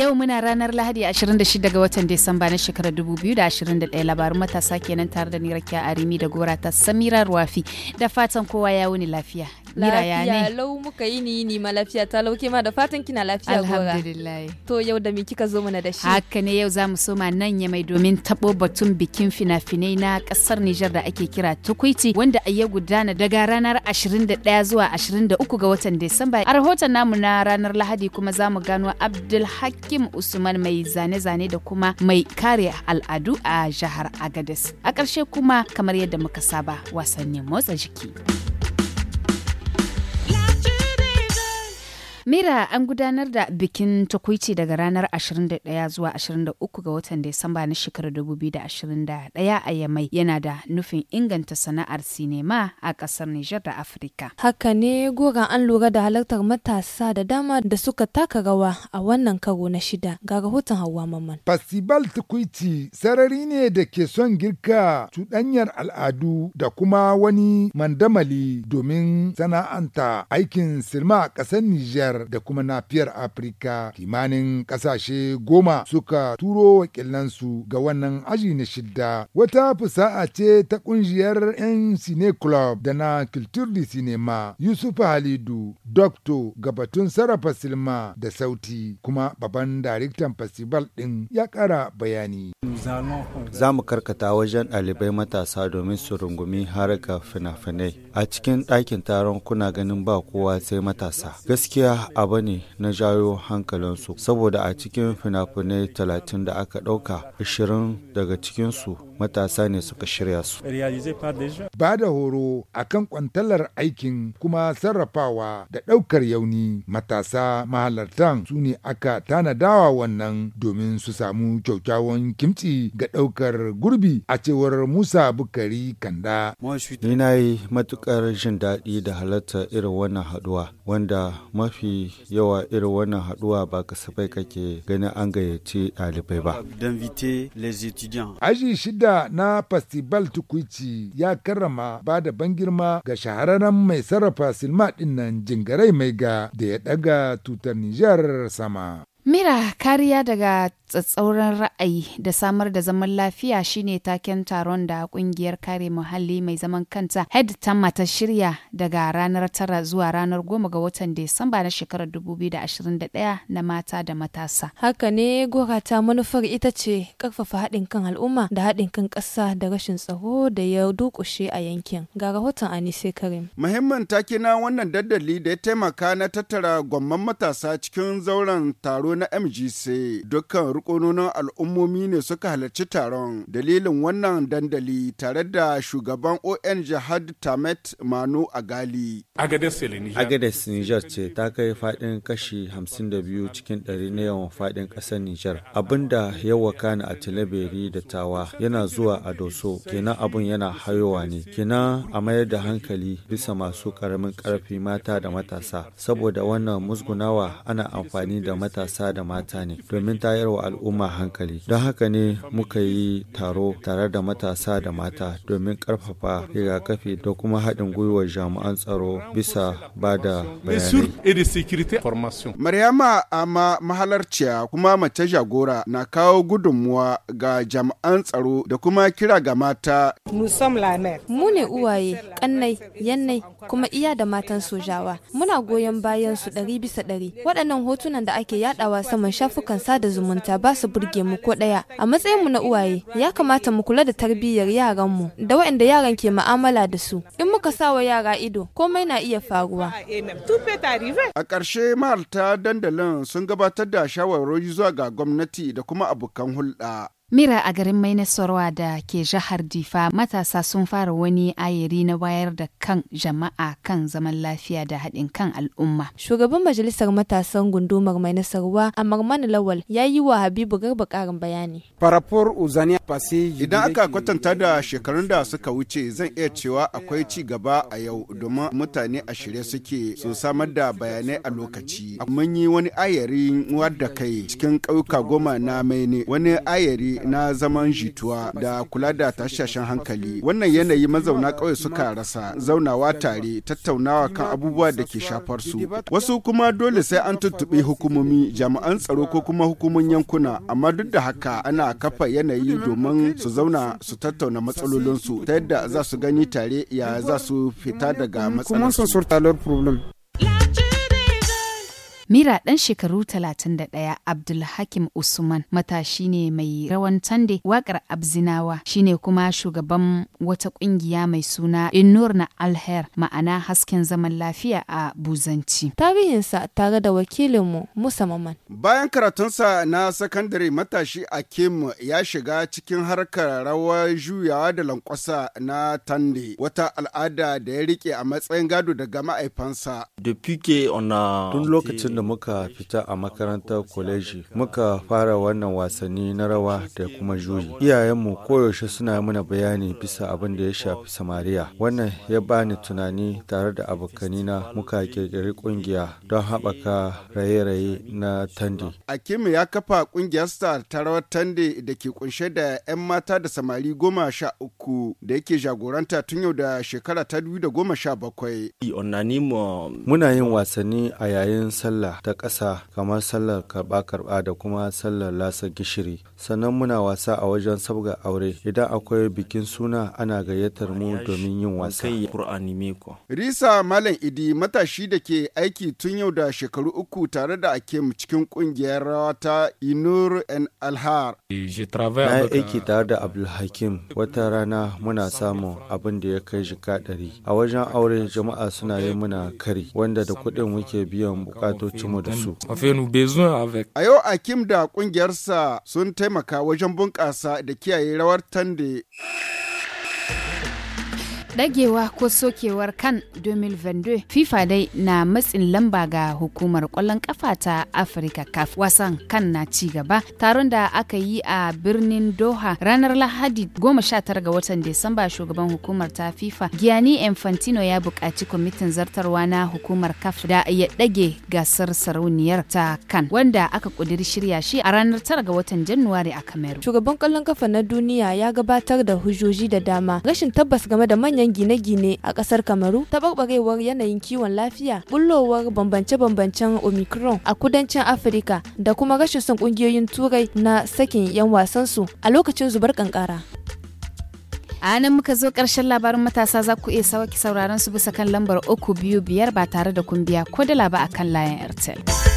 yau muna ranar lahadi 26 ga watan disamba na shekarar 2021 labarun matasa kenan tare da ni rakiya arimi da gora ta samira ruwafi da fatan kowa ya wuni lafiya lafiya lau muka yi ni ni ma lafiya ta lauke ma da fatan kina lafiya gora alhamdulillah to yau da me kika zo mana da shi haka ne yau zamu soma nan ya mai domin tabo batun bikin fina-finai na kasar Nijar da ake kira Tukuiti wanda a ya gudana daga ranar 21 zuwa 23 ga watan Disamba a rahoton namu na ranar Lahadi kuma zamu gano Abdul Hakim Usman mai zane-zane da kuma mai kare al'adu a jihar Agadez a ƙarshe kuma kamar yadda muka saba wasannin motsa jiki. Mira an gudanar da bikin takwici daga ranar 21 zuwa 23 ga watan Disamba na shekarar 2021 a Yamai yana da nufin inganta sana'ar sinema a kasar Nijar da Afirka. Haka ne gogan an lura da halartar matasa da dama da suka taka rawa a wannan karo na shida ga rahoton hawa mamman. Festival takwici sarari ne da ke son girka cuɗanyar al'adu da kuma wani mandamali domin sana'anta aikin silma a ƙasar Nijar da kuma nafiyar Afirka kimanin kasashe goma suka turo wakilansu ga wannan aji na shidda. Wata fusa'a ce ta ƙungiyar 'yan Cine Club da na Culture de Cinema Yusuf Halidu, Dokto gabatun sarrafa silma da sauti kuma babban daraktan festival din ya kara bayani. Za mu karkata wajen ɗalibai matasa domin su rungumi ga fina-finai. A cikin ɗakin taron kuna ganin ba kowa sai matasa. Gaskiya ba abu ne na jawo hankalinsu saboda a cikin fina-finai talatin da aka ɗauka ashirin daga cikinsu matasa ne suka shirya su. Ba da horo a kan kwantalar aikin kuma sarrafawa da ɗaukar yauni matasa mahalartan su ne aka tanadawa wannan domin su samu kyaukyawan kimci ga ɗaukar gurbi a cewar Musa Bukari Kanda. Ni na yi matukar jin daɗi da halarta irin wannan haduwa wanda mafi yawa irin wannan haduwa ba kasafai kake ganin an gayyaci ɗalibai ba. Aji shida na festival tukwici ya karrama ba da ban girma ga shahararren mai sarrafa silma ɗin jingarai mai ga da ya daga tutar Nijar sama. Mira kariya daga tsatsauran ra'ayi da samar da zaman lafiya shine taken taron da kungiyar kare muhalli mai zaman kanta head ta mata shirya daga ranar tara zuwa ranar goma ga watan disamba na shekarar 2021 na mata da matasa. Haka ne gorata manufar ita ce karfafa haɗin kan al'umma da haɗin kan ƙasa da rashin tsaro da ya dukushe a yankin. Ga rahoton Anise Karim. Muhimmin take na wannan daddali da ya taimaka na tattara gwamman matasa cikin zauren taro na MGC dukkan rukunonin al'ummomi ne suka halarci taron. Dalilin wannan dandali tare da shugaban ON Jihad Tamet Manu Agali. Agades Niger ce ta kai fadin kashi 52 cikin 100 na yawan fadin ƙasar Niger. Abin da ya a Tilaberi da Tawa yana zuwa a Doso, kenan abun yana hayowa ne. Kenan a mayar da hankali bisa masu karamin karfi mata da matasa. Saboda wannan musgunawa ana amfani da matasa mata da mata ne domin tayar wa al'umma hankali. Don haka ne muka yi taro tare da matasa da mata domin karfafa rigakafi da kuma haɗin gwiwar jami'an tsaro bisa ba da bayanai. Maryama Ama mahalarciya kuma mace jagora na kawo gudunmuwa ga jami'an tsaro da kuma kira ga mata. Mu ne uwaye, kannai, yannai, kuma iya da matan sojawa. Muna goyon bayan su ɗari bisa ɗari. Waɗannan hotunan da ake yaɗawa yaɗawa saman shafukan sada zumunta ba su burge mu ko daya A matsayinmu na uwaye, ya kamata mu kula da tarbiyyar yaranmu da waɗanda yaran ke mu'amala da su. In muka sawa yara ido, komai na iya faruwa. A ƙarshe mahalta dandalin sun gabatar da shawarwari zuwa ga gwamnati da kuma abokan hulɗa. Mira a garin mainasarwa da ke jihar Difa matasa sun fara wani ayiri na wayar da kan jama'a kan zaman lafiya da haɗin kan al'umma. Shugaban majalisar matasan gundumar nasarwa a Marmanu Lawal ya yi wa Habibu Garba ƙarin bayani. Farafor Uzani Idan aka kwatanta da shekarun da suka wuce zan iya cewa akwai ci gaba a yau domin mutane a shirye suke su samar da bayanai a lokaci. Mun yi wani ayari wadda kai cikin ƙauyuka goma na Maine wani ayari na zaman jituwa da kula da tashashen hankali wannan yanayi mazauna ƙauye suka rasa zaunawa tare tattaunawa kan abubuwa da ke shafar su wasu kuma dole sai an tuttuɓi hukumomi jami'an tsaro ko kuma hukumomin yankuna amma duk da haka ana kafa yanayi domin su zauna su tattauna matsalolinsu ta yadda za su gani tare ya za su fita daga matsalar Mira ɗan shekaru 31 Abdulhakim Usman matashi ne mai rawan tande waƙar Abzinawa shine kuma shugaban wata ƙungiya mai suna Innur na Alher ma'ana hasken zaman lafiya a Buzanci. Tarihinsa tare da wakilinmu Musa Maman. Bayan karatunsa na sakandare matashi Akim ya shiga cikin harkar rawar juyawa da lankwasa na tande wata al'ada da ya rike a matsayin gado daga ma'aifansa. Tun lokacin da muka fita a makarantar kwaleji muka fara wannan wasanni na rawa da kuma juyi. Iyayenmu koyaushe suna mana bayani bisa abin da ya shafi samariya. Wannan ya bani tunani tare da abokanina muka kirkiri kungiya don haɓaka raye-raye na tandi. Akimi ya kafa kungiyar star ta rawar Tande da ke kunshe da 'yan mata da samari goma sha uku da yake jagoranta tun yau da shekara ta dubu da goma sha bakwai. Euh, Muna yin wasanni a yayin sallah ta ƙasa kamar sallar karɓa-karɓa da kuma sallar lasa gishiri. Sannan muna wasa a wajen sabga aure idan akwai bikin suna ana gayyatar mu domin yin wasa. Risa Malam Idi matashi da ke aiki tun yau da shekaru uku tare da mu cikin kungiyar rawa ta Inur en Alhar. Na aiki tare da Abdulhakim wata rana muna samun abin da ya kai jika ɗari. A wajen aure jama'a suna yi muna kari wanda da kuɗin muke biyan bukatoci cimo da su. A yau Akim da kungiyarsa sun taimaka wajen bunƙasa da kiyaye rawar tande. dagewa ko sokewar kan 2022 fifa dai na matsin lamba ga hukumar kwallon ƙafa ta afirka caf wasan kan na ci gaba taron da aka yi a birnin doha ranar lahadi 19 ga watan disamba shugaban hukumar ta fifa gianni infantino ya buƙaci kwamitin zartarwa na hukumar caf da ya dage gasar sarauniyar ta kan wanda aka ƙudiri shirya shi a ranar 9 ga watan januwari a kameru shugaban kwallon kafa na duniya ya gabatar da hujjoji da dama rashin tabbas game da manyan gine-gine a ƙasar Kamaru, taɓarɓarewar yanayin kiwon lafiya, bullowar bambance-bambancen Omicron a kudancin Afirka da kuma rashin son ƙungiyoyin Turai na sakin 'yan wasansu a lokacin zubar ƙanƙara. a nan muka zo ƙarshen labarin matasa za ku iya sauki sauraron su bisa kan lambar uku biyu biyar ba tare da kun biya ko da laba a kan layan airtel.